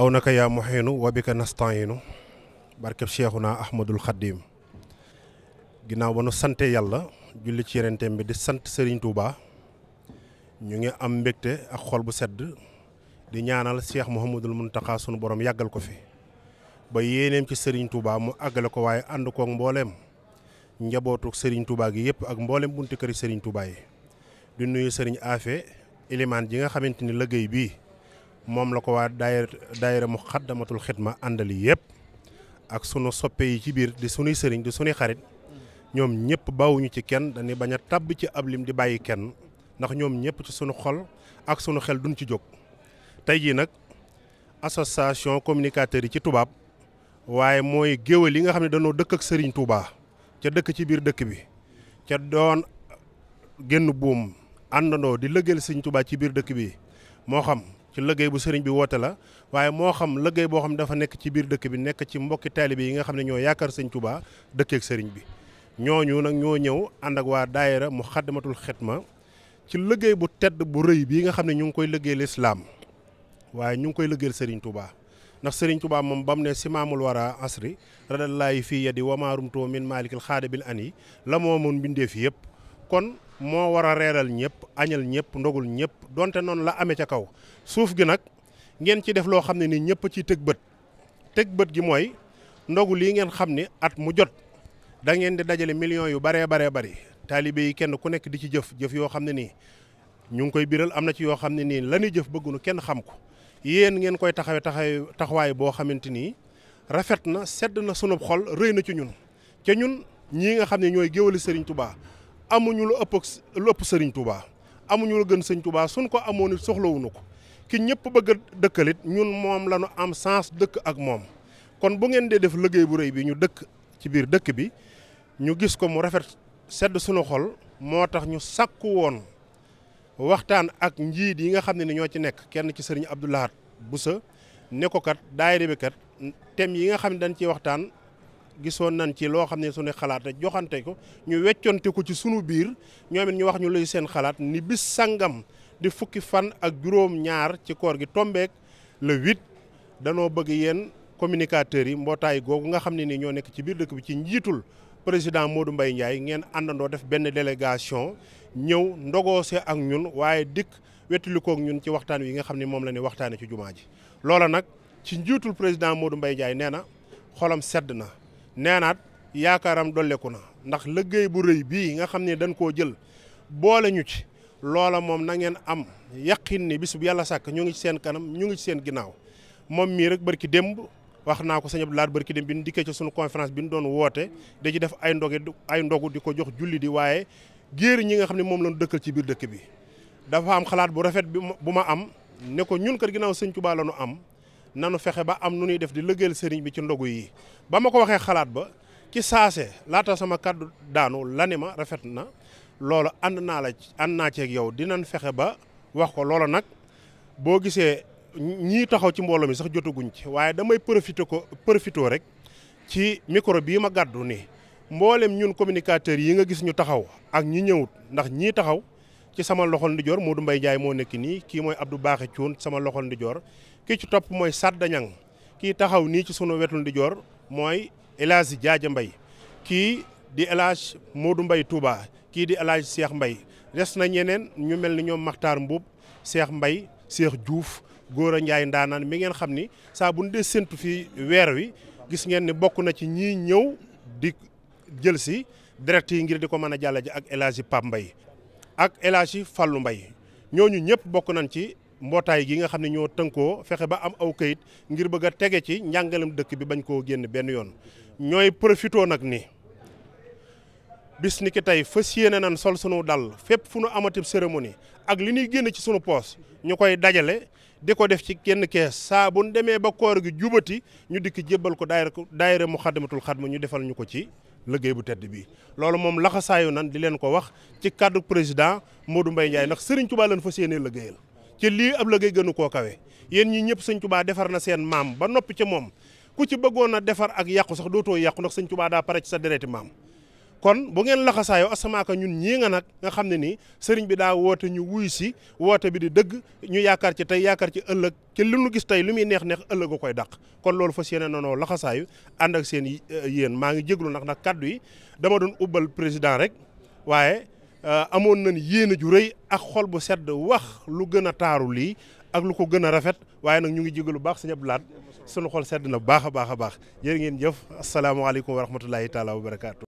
aw naka yaa muxiinu wa bika nasta'iinu barkeb Cheikhuna Ahmadul Xaddiim ginnaaw ba nu sante yàlla julli ci yenenteem bi di sant Serigne Touba ñu ngi am mbégte ak xol bu sedd di ñaanal Cheikh Mouhamadul Mountakha sunu borom yàggal ko fi ba yéeneem ci Serigne Touba mu àggale ko waaye ànd koog mbooleem njabootu Serigne Touba gi yëpp ak mbooleem bunti këri Serigne Touba yi di nuyu Serigne Afe ilimaan ji nga xamante ni liggéey bii. moom la ko waa daayira daayira mu xaddamatul xidma àndali yëpp ak sunu soppe yi ci biir di sunuy sëriñ di sunuy xarit ñoom ñëpp bawuñu ci kenn dañuy bañ a tàbb ci ab lim di bàyyi kenn ndax ñoom ñëpp ci sunu xol ak sunu xel duñ ci jóg tey jii nag association communicateur yi ci tubaab waaye mooy géwél yi nga xam ne dañoo dëkk ak sëriñ Touba ca dëkk ci biir dëkk bi ca doon génn buum àndandoo di lëggeel sëriñ Touba ci biir dëkk bi moo xam ci liggéey bu sëriñ bi woote la waaye moo xam liggéey boo xam dafa nekk ci biir dëkk bi nekk ci mbokki taalibe yi nga xam ne ñoo yaakaar sëñ tubaa dëkkeek sëriñ bi ñooñu nag ñoo ñëw ànd ak waa daayira mu xaddamatul ma ci liggéey bu tedd bu rëy bii nga xam ne ñu ngi koy liggéeyal islaam waaye ñu ngi koy liggéeyal sëriñ Touba ndax sëriñ tubaa moom bam ne simaamul wara asri radallaayi fii yadi wamaarumtoo min maalikil xaade bil an yi la moomoon mbindeef yëpp kon moo war a reeral ñëpp añal ñëpp ndogul ñëpp donte noonu la amee ca kaw suuf gi nag ngeen ci def loo xam ne ni ñëpp ci tëg bët tëg bët gi mooy ndogu lii ngeen xam ni at mu jot da ngeen di dajale millions yu baree baree bari taalibe yi kenn ku nekk di ci jëf jëf yoo xam ne nii ñu ngi koy biral am na ci yoo xam ne nii lañuy jëf bëggunu kenn xam ko yéen ngeen koy taxawe taxawe taxawaay boo xamante ni rafet na sedd na sunub xol rëy na ci ñun ca ñun ñii nga xam ne ñooy géwali Serigne Touba amuñu lu ëpp lu ëpp sëriñ Touba amuñu lu gën sëriñ Touba suñ ko amoon it soxlawuñu ko ki ñëpp bëgg a dëkkalit ñun moom la ñu am sens dëkk ak moom kon bu ngeen dee def liggéey bu rëy bi ñu dëkk ci biir dëkk bi ñu gis ko mu rafet sedd suñu xol moo tax ñu sàkku woon waxtaan ak njiit yi nga xam ne ni ñoo ci nekk kenn ci sëriñ Abdou Lahad Bousso ne ko kat daayira bi kat thème yi nga xam ne dañ ci waxtaan gisoon nañ ci loo xam ne sunu xalaat rek joxante ko ñu wecconte ko ci sunu biir ñoom it ñu wax ñu lay seen xalaat ni bis sangam di fukki fan ak juróom-ñaar ci koor gi tombeek le huit danoo bëgg yéen communicateurs yi mbootaay googu nga xam ne ni ñoo nekk ci biir dëkk bi ci njiitul président moodu mbay Ndiaye ngeen àndandoo def benn délégation ñëw ndogoose ak ñun waaye dikk wettali kook ñun ci waxtaan wi nga xam ne moom la ñuy waxtaanee ci jumaa ji loola nag ci njiitul président Modou Mbaye Ndiaye nee na xolam sedd na. neenaat yaakaaram dolleku na ndax liggéey bu rëy bii nga xam ne dañ koo jël boole ñu ci loola moom na ngeen am yaqin ni bis bu yàlla sàkk ñu ngi ci seen kanam ñu ngi ci seen ginnaaw moom mii rek barki démb wax naa ko sëñ Abdou Lahad barki dem bi ndikkee dikkee ci sunu conférence bi ñu doon woote da def ay ndoge ay ndogu di ko jox julli di waaye géer ñi nga xam ne moom lañu dëkkal ci biir dëkk bi dafa am xalaat bu rafet bu ma am ne ko ñun kër ginnaaw sëñ baa la ñu am nanu fexe ba am nu ñuy def di lëggeel sëriñ bi ci ndogu yi ba ma ko waxee xalaat ba ci saase laata sama kàddu daanu lani ma rafet na loolu ànd naa la ànd naa ceeg yow dinañ fexe ba wax ko loolu nag boo gisee ñii taxaw ci mbooloo mi sax jotaguñ ci waaye damay profité ko profité rek ci micro bii ma gàddu ni mboolem ñun communicateurs yi nga gis ñu taxaw ak ñu ñëwut ndax ñii taxaw ci sama loxol ndijoor du mbay Ndiaye moo nekk nii kii mooy Abdou Baaxe Cuun sama loxol ndijoor kii ci topp mooy Sadda Ñang kii taxaw nii ci sunu wetul ndijoor mooy El Hadj Jaaja Mbay kii di El Hadj Modou Mbay Touba kii di El Hadj Seex Mbay des na ñeneen ñu mel ni ñoom Maxtaar Mbuub Seex Mbay Seex Juuf góor a Njaay ndaanaan mi ngeen xam ni saa bu ñu dee fi weer wi gis ngeen ni bokk na ci ñii ñëw di jël si direct yi ngir di ko mën a jàlla ak El Hadj Mbay ak El falu mbay Mbaye ñooñu ñëpp bokk nañ ci mbootaay gi nga xam ne ñoo tënkoo fexe ba am aw kayit ngir bëgg a tege ci njàngalem dëkk bi bañ koo génn benn yoon ñooy profitoo nag ni bis ni ki tey fas yéene nañ sol sunu dal fépp fu nu amatib cérémonie ak li ñuy génn ci sunu poos ñu koy dajale di ko def ci kenn kee saa demee ba koor gi jubati ñu dikk jébbal ko daayira daayira Muxaddamatul Xidma ñu defal ñu ko ci liggéey bu tedd bii loolu moom laxasaayu nan di leen ko wax ci kàddu président Modou mbay Ndiaye ndax Serigne Touba leen fas yéenee liggéeyal ci lii ab liggéey gënu koo kawe yéen ñi ñëpp Serigne Touba defar na seen maam ba noppi ci moom ku ci bëggoon a defar ak yàqu sax dootoo yàqu ndax Serigne Touba daa pare ci sa dereti maam kon bu ngeen laxasaayoo asamaaka ñun ñii nga nag nga xam ne nii sëriñ bi daa woote ñu wuy si woote bi di dëgg ñu yaakaar ci tey yaakaar ci ëllëg ci li nu gis tey lu muy neex neex ëllëg a koy dàq kon loolu fas yéene nonoo laxasaayu ànd ak seen euh, yéen maa ngi jéglu nag nag kàddu yi dama doon ubbal président rek waaye euh, amoon nañ yéene ju rëy ak xol bu sedd wax lu gën a taaru lii ak lu ko gën a rafet waaye nag ñu ngi jégalu baax sëñ Abdoulaye sunu xol sedd na baax a baax a baax jërë ngeen jëf asalaamaaleykum wa rahmatulahi taala wa barakaatu